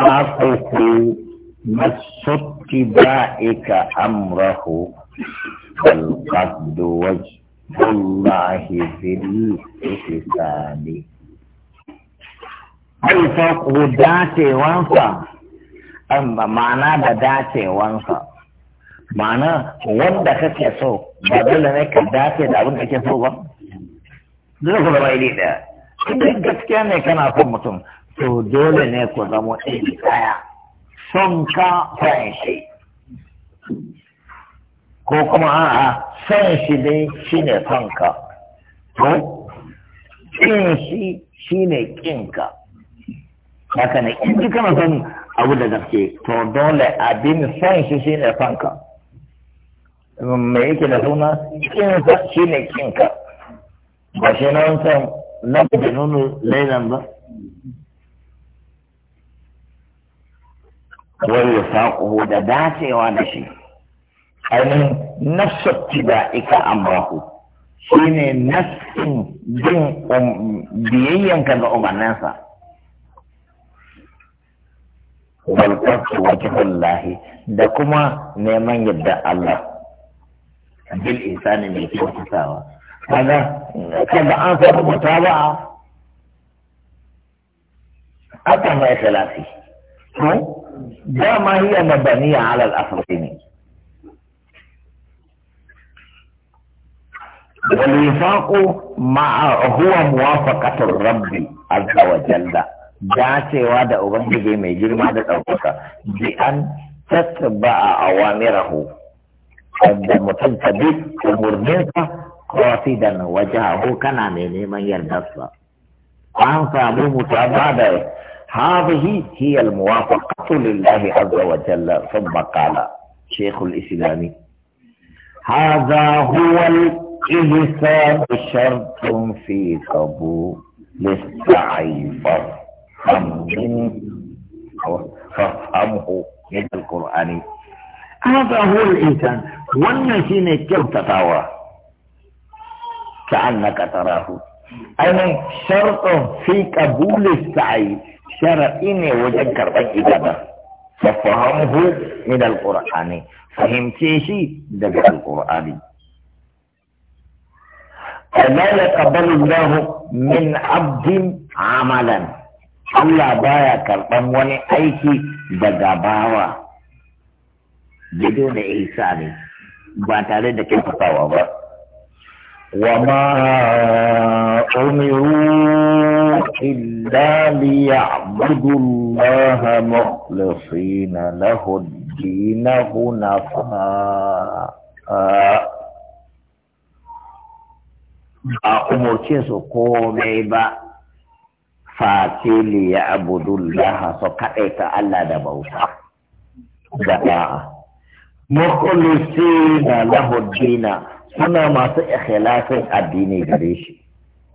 فاقه مسط بائك أمره والقد وجه الله في الإحسان الفقه داتي وانفا Ma'ana da دا داتي wanda kake so ba dole ne ka dace da abin da kake so ba dole ku zama daya gaskiya ne kana son mutum to dole ne ku zama ɗaya ɗaya son ka son shi ko kuma a'a son shi dai shi ne son ka ko ƙin shi shi ne ƙin ka haka ne in ji kana son abu da gaske to dole abin son shi shi ne son ka me yake da suna ƙin sa shi ne ƙin ka ba shi na wancan na da nuna lailan ba wai saƙo da dacewa da shi ainihin nafsu iba'ika amrahu shi ne nafsin jin biyayyanka ga umarninsa walƙarci wajihullahi da kuma neman yadda Allah bil isani mai kyautatawa kaga kada an samu mutaba'a akan mai salafi dama hiya mabaniya ala al-aslaini والوفاق مع هو rabbi الرب عز وجل dacewa da Ubangiji mai girma da ɗaukaka bi an tattaba a awamirahu wanda mutum ta bi umurninsa kawai da wajahu kana mai neman yardarsa an samu mutu ba da هذه هي الموافقة لله عز وجل ثم قال شيخ الإسلام هذا هو الإحسان شرط في قبول السعي فافهمه من القرآن هذا هو الإنسان والنسين كم تتاوى كأنك تراه أي شرط في قبول السعي sharaɗi ne wajen karɓar ibada fa fahamhu min alqur'ani fahimce shi daga alqur'ani la yaqbalu Allah min 'abdin 'amalan Allah baya karɓan wani aiki daga bawa gido da ihsani ba tare da kyautatawa ba وما أمروا إلا ليعبدوا الله مخلصين له الدين حنفاء أمرتين سكوم عبا فاكي ليعبدوا الله سكأت ألا دبوتا دعا مخلصين له الدين suna masu ikhlasin addini gare shi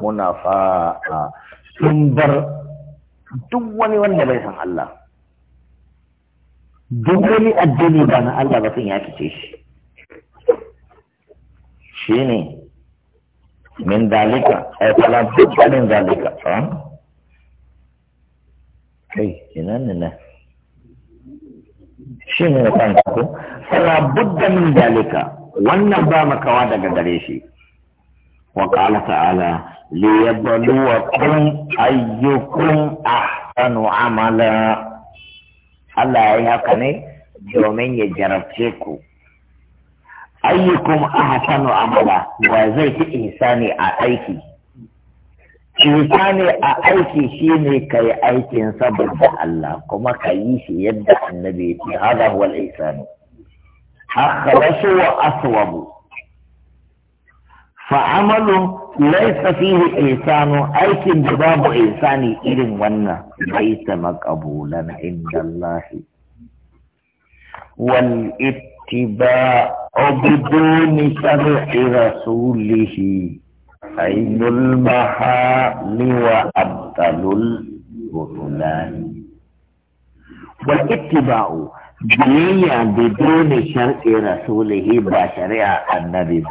muna fa sun bar duk wani wanda bai san Allah duk wani addini ba na Allah ba sun ya ce shi shi ne min dalika ay fala wani dalika ha kai ina ne na shi ne na kan ko fala budda min dalika wannan ba kawa daga gare shi wa qala ta'ala li yabluwakum ayyukum ahsanu amala Allah ya yi haka ne domin ya jarabce ku ayyukum ahsanu amala wa zai fi insani a aiki Insani a aiki shine kai aikin saboda Allah kuma ka yi shi yadda annabi ya ce hada huwal ihsanu أخرس وأثوب فعمل ليس فيه إحسان أي باب إحسان إذن ونا ليس مقبولا عند الله والاتباع بدون شرع رسوله عين المحال وأبطل البطلان والاتباع جميع بدون شرق رسوله بشرع النبي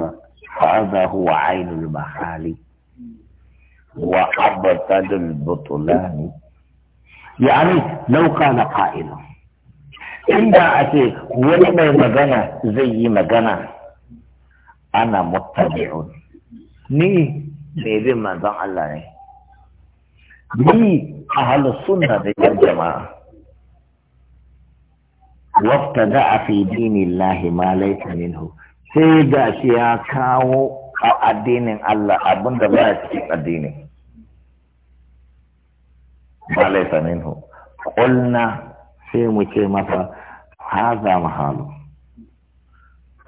هذا هو عين المحال وأبطل البطلان يعني لو كان قائلا إن أتي ولما مجانا زي مجانا أنا متبع ني ميري ما ضع الله ني أهل السنة الجماعه da a fi lahi ma laifin minhu sai ga shi ya kawo a addinin Allah abin da baya cikin addinin ma laifin minhu qulna sai mu ce masa haza mahalu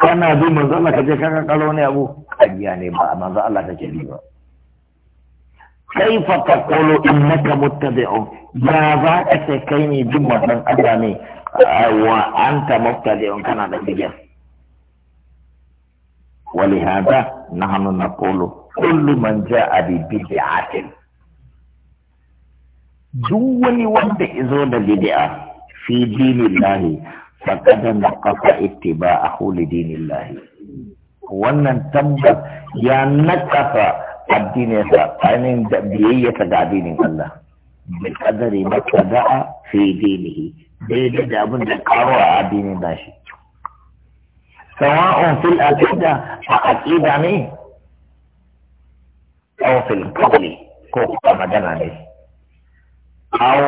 kana bi manzo Allah kaje kaga kalo ne abu kariya ne ba manzo Allah kake bi ba kaifa taqulu innaka muttabi'un ya za ka ce kai ne bin manzon Allah ne wa anta mubtadi'un kana da bijan hadha nahnu naqulu kullu man jaa bi duk wani wanda izo da bid'a fi dinillahi faqad naqasa ittiba'ahu li dinillahi wannan tabbas ya naqasa addininsa ainihin da biyayyata ga addinin Allah bil qadari maqada'a fi dinihi daidai da abin da kawo a addinin bashi. sawa'un fil aqida a aqida ne aw fil qawli ko kuma magana ne aw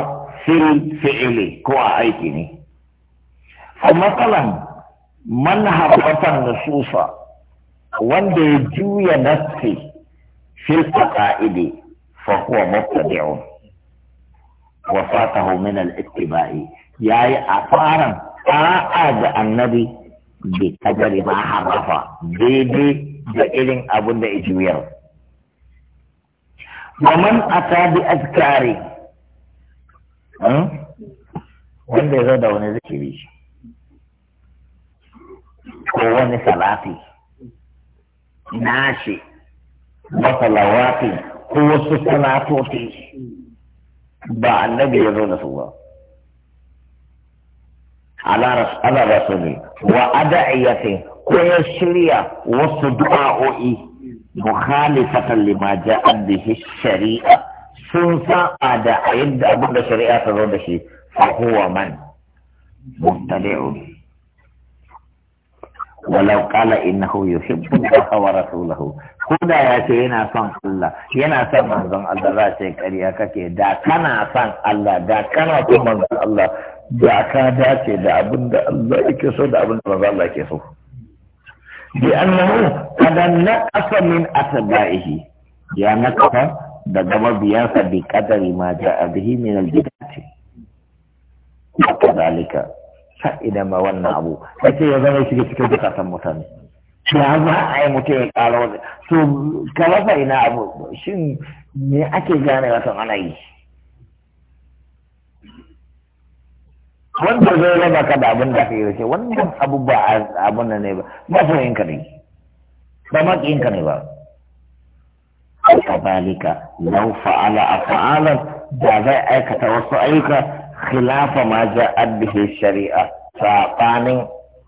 fil fi'li ko a aiki ne fa matsalan man habatan nususa wanda ya juya nassi fil aqaidi fa huwa mubtadi'un wa fatahu min al-ittiba'i ya yi a faran ƙa'a da annabi bai kajari ma harrafa daidai da irin abin da ya juyar. Waman a bi azkari hmm? wanda ya zo da wani zikiri ko wani salafi nashi masalawati ko wasu salatoci ba annabi ya zo da su ba. ala rasuli wa ada'iyati ko ya shirya wasu du'a'o'i mukhalifatan lima ja'a bihi shari'a sun saba da ayin da abin da shari'a ta zo da shi fa huwa man Wala'u mubtadi'un ولو قال انه يحب الله ورسوله كودا ya ce yana son Allah yana son manzon Allah za ce kariya kake da kana son Allah da kana son manzon Allah da ka dace da abin da Allah yake so da abin da ba Allah yake so bi annahu na naqasa min atba'ihi ya naqasa daga sa bi kadari ma ja'a bihi min al-bid'ati kadalika idan ma wannan abu sai ya zama shi cikin bukatan mutane ya za a yi mutum ya ƙara wani to ka rasa ina abu shin me ake gane wata ana yi wanda zai raba ka da abin da kai ce wannan abu ba abin nan ne ba ba so yin ka ne ba ma yin ka ne ba kadhalika law fa'ala af'alan da zai aikata wasu ayyuka khilafa ma ja'at bihi shari'a sabanin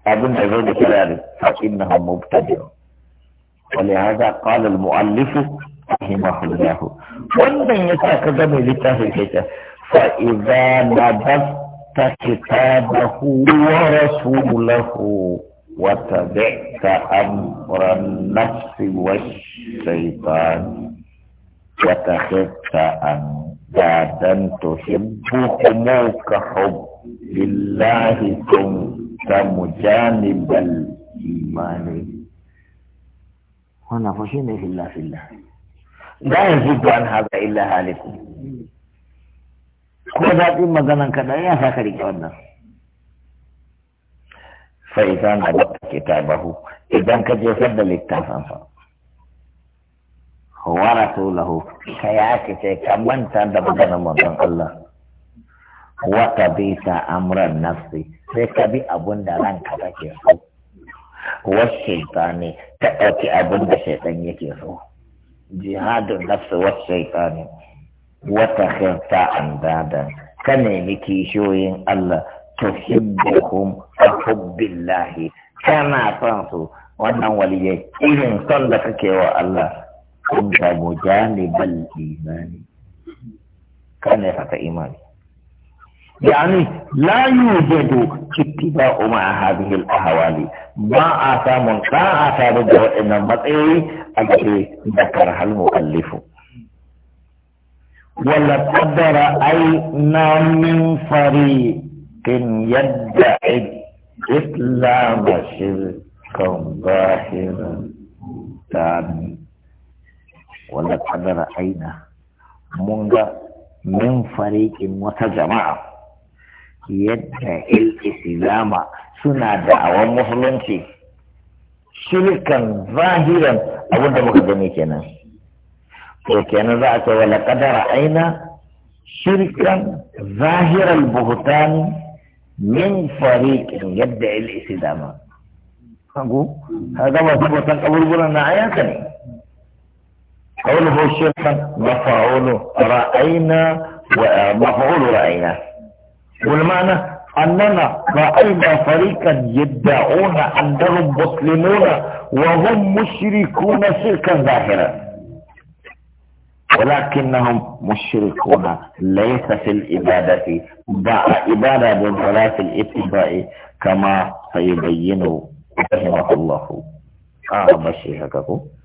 abin da zai da kirari fa innahu mubtadi'un ولهذا قال المؤلف رحمه الله وان يتاك لتاه الكتاب فإذا نبذت كتابه ورسوله وتبعت أمر النفس والشيطان وتخذت أندادا تحبهم كحب لله كنت مجانب الإيمان هنا فشيء في الله في الله لا يزيد عن هذا إلا هالك ko daɗin maganan kaɗan ya sa ka riƙe wannan sai za na da bahu, idan ka je jefar da littafansa wara rasulahu ka yace sai ka manta da maganan manzon Allah bi ta amran nafsi sai ka bi abun da ranka take so wasu ne ta ɗauki abun da shaitan yake so jihadun nafsi wasu ne. wata khirta an dada ka nemi kishiyoyin Allah tuhibbuhum ka hubbillahi kana son su wannan waliyai irin son da kake wa Allah kunta mujanibal imani kana ya fata imani يعني لا يوجد اتباع مع هذه الاهوال ما اثام لا اثار الدواء ان المطيع التي ذكرها المؤلف wala qaddara ay na yadda fariqin yadda'i islam shirkan zahiran tani wala qaddara aina mun ga min fariƙin wata jama'a yadda islama suna da awan musulunci shirkan zahiran da muka gani kenan وكان ذاك ولقد رأينا شركا ظاهر البهتان من فريق يدعي الاستدامة هذا ما هو قبول بلنا آياتني قوله شركا مفعول رأينا ومفعول رأينا والمعنى أننا رأينا فريقا يدعون أنهم مسلمون وهم مشركون شركا ظاهرا ولكنهم مشركون ليس في العبادة باع عبادة بصلاة الاتباع كما سيبين رحمه الله آه بشيحككم